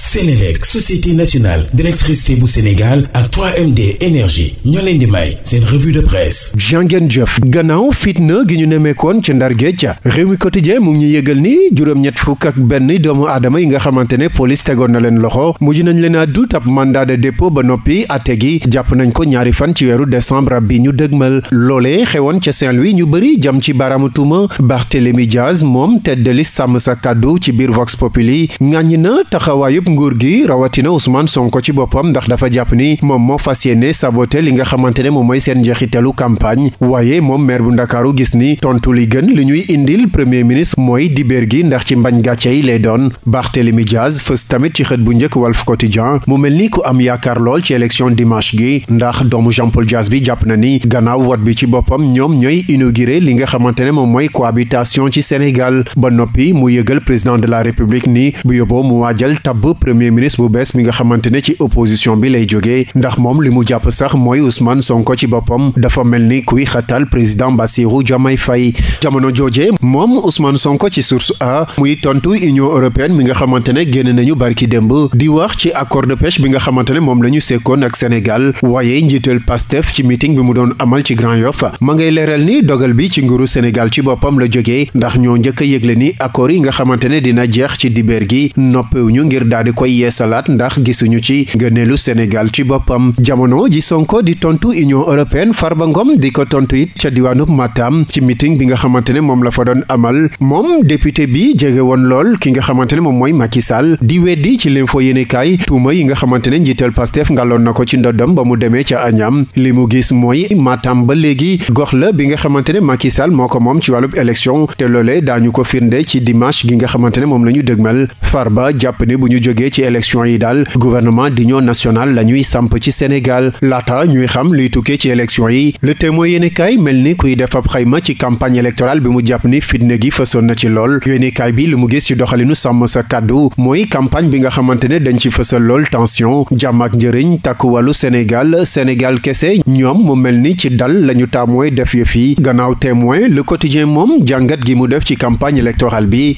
Sénélec société nationale d'électricité bu Sénégal ak 3MD énergie ñoo leen di may seen revue de presse jàngeen jëf gannaaw fitna gi ñu nemmeekoon ci ndar géej réew mi quotidien mu ngi ñu yëgal ni juróom-ñett fukk ak benn doomu aadama yi nga xamante ne police tegoon na leen loxo mujj nañ leen a dut ab mandat de dépôt ba noppi atte gi jàpp nañ ko ñaari fan ci weeru décembre bi ñu dëgmal loole xewoon ca Saint-Louis ñu bëri jam ci baaraamatuma tuuma Barthélémy Diaz moom tête de sàmm sa kàddu ci biir Vox Populi ŋàññi na taxawaayu nguur gi rawatina Ousmane Sonko ci boppam ndax dafa jàpp ni moom moo fas yéene sabote li nga xamante ne moom mooy seen njeexitalu campagne waaye moom maire bu ndakaaru gis ni tontu li gën li ñuy indil premier ministre mooy dibéer gi ndax ci mbañ gàcce yi lay doon Barthélémy Diaz fës tamit ci xët bu njëkk Walf Quotidien mu mel ni ku am yaakaar lool ci élection dimanche gi ndax doomu Jean Paul Diaz bi jàpp na ni gannaaw vote bi ci boppam ñoom ñooy inauguré li nga xamante ne moom mooy cohabitation ci Sénégal ba noppi mu yëgal président de la république ni bu yóbboo mu waajal tabb premier ministre bu bees bi nga xamante ne ci opposition bi lay jógee ndax moom li mu jàpp sax mooy Ousmane Sonko ci boppam dafa mel ni kuy xatal président Bassirou jamay fay jamono jooje moom Ousmane Sonko ci source a muy tontu Union européenne mi nga xamante ne génn nañu barki démb di wax ci accord de pêche bi nga xamante ne moom la ñu sekkoon ak Sénégal waaye njiital Pastef ci meeting bi mu doon amal ci Grand Yoff ma ngay leeral ni dogal bi ci nguuru Sénégal ci boppam la jógee ndax ñoo njëkk a yëgle ni accord yi nga xamante ne dina jeex ci dibeer gi noppewu ngir di koy yeesalaat ndax gisuñu ci ngëneelu Sénégal ci boppam jamono ji Sonko di tontu Union far ba ngoom di ko tontu it ca diwaanu Matam ci meeting bi nga xamante ne moom la fa doon amal moom député bi jege woon lool ki nga xamante ne moom mooy Macky Sall di weddi ci l'info yéenekaay tuuma yi nga xamante ne njiital Pastef ngaloon na ko ci ndoddom ba mu demee ca Agnam li mu gis mooy Matam ba léegi gox la bi nga xamante ne Macky Sall moo ko moom ci wàllub élection te loolee daañu ko firnde ci dimanche gi nga xamante ne moom la ñu jógee ci élection yi daal gouvernement d'union nationale la ñuy samp ci Sénégal laata ñuy xam liy tukkee ci élection yi le témoin yéenekaay mel ni kuy def ab xayma ci campagne électorale bi mu jàpp ni fitna gi fësoon na ci lool yéenekaay bi li mu gis ci doxalinu sàmm sa kàddu mooy campagne bi nga xamante ne dañ ci fësal lool tension jam ak njëriñ takkuwalu Sénégal Sénégal kese ñoom mu mel ni ci dal lañu tàmmooy def yëf yi gannaaw témoin le quotidien moom jàngat gi mu def ci campagne électorale bi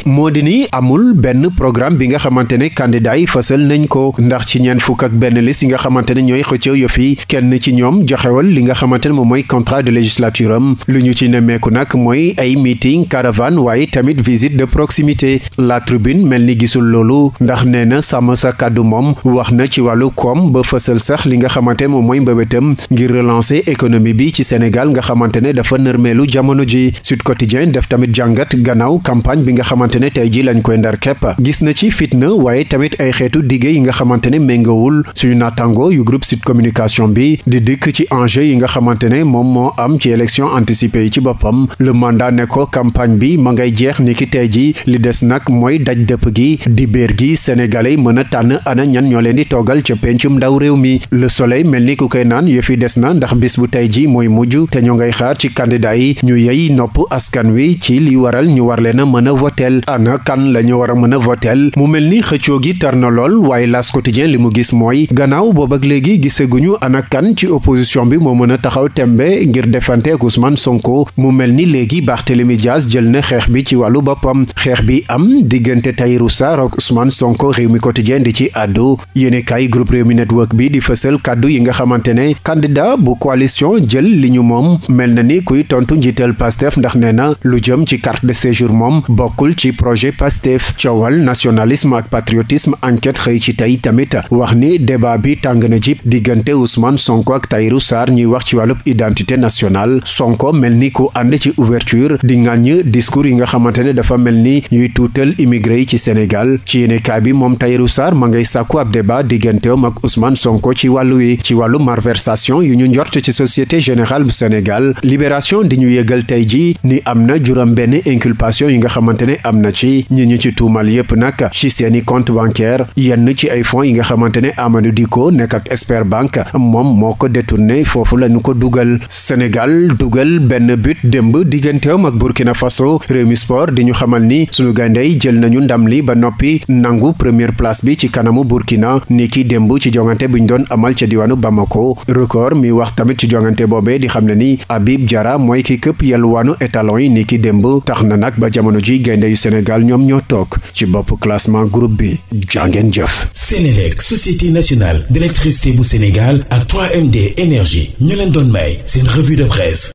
candidat yi nañ ko ndax ci ñeen fukk ak benn liste yi nga xamante ne ñooy xëccëw yo fi kenn ci ñoom joxewal li nga xamante ne moom mooy contrat de législature am lu ñu ci nemmeeku nag mooy ay meeting caravane waaye tamit visite de proximité la tribune mel ni gisul loolu ndax nee na sàmm sa kàddu moom wax na ci wàllu koom ba fësal sax li nga xamante ne moom mooy mbébétam ngir relancer économie bi ci Sénégal nga xamante ne dafa nërmeelu jamono ji Sud Quotidien def tamit jàngat gannaaw campagne bi nga xamante ne tey ji lañ koy ndar képp gis na ci fitna ay xeetu dige yi nga xamante ne méngawul suñu naataango yu groupe Sud Communication bi di dikk ci enjeu yi nga xamante ne moom moo am ci élection anticipée yi ci boppam le mandat ne ko campagne bi ma ngay jeex ni ki tey ji li des nag mooy daj dëpp gi di béer gi sénégalais mën a tànn ana ñan ñoo leen di toogal ca pencum ndaw réew mi la soleil mel ni ku koy naan fi des na ndax bis bu tey ji mooy mujj te ñu ngay xaar ci candidat yi ñu yey nopp askan wi ci li waral ñu war leen a mën a voteel ana kan la war a mën a voteel mu mel ni tar na lool waaye L'As Quotidien li mu gis mooy gannaaw boob ak léegi giseguñu ana kan ci opposition bi moo mën a taxaw tembe ngir defante ak Sonko mu mel ni léegi Barthélémy Dias jël na xeex bi ci wàllu boppam xeex bi am diggante Tahirou Sarr ak Sonko réew mi quotidien di ci àddu yéene kaay groupe réew mi network bi di fësal kàddu yi nga xamante ne candidat bu coalition jël li ñu moom mel na ni kuy tontu njiital Pastef ndax nee na lu jëm ci carte de séjour moom bokkul ci projet Pastef coowal nationalisme ak patriotisme journalisme enquête xëy ci tey tamit wax ni débat bi tàng na jib diggante Ousmane Sonko ak Tahirou saar ñuy wax ci wàllu identité nationale Sonko mel ni ku ànd ci ouverture di ŋàññ discours yi nga xamante ne dafa mel ni ñuy tuutal immigré yi ci Sénégal ci yéenekaay bi moom Tahirou Sarr ma ngay sàkku ab débat digganteem ak Ousmane Sonko ci wàllu wi ci wàllu malversation yu ñu njort ci société général bu Sénégal libération di ñu yëgal tey ji ni am na juróom benn inculpation yi nga xamante ne am na ci bancaire yenn ci ay fonds yi nga xamante ne Amadou Diko nekk ak Esperbank moom moo ko détourné foofu la ñu ko dugal Sénégal dugal benn but démb digganteem ak Burkina Faso Rewmi Sport di ñu xamal ni sunu gàndey jël nañu ndam li ba noppi nangu première place bi ci kanamu Burkina ni ki démb ci jongante bi ñu doon amal ca diwaanu Bamako record mi wax tamit ci jongante boobe di xam ne ni Habib jara mooy ki këpp yelwaanu étalon yi ni ki démb tax na nag ba jamono ji gaynde yu Sénégal ñoom ñoo toog ci bopp classement groupe bi jàngeen jëf Sénélec société nationale d'électricité bu Sénégal ak 3MD énergie ñu leen doon may seen revue de presse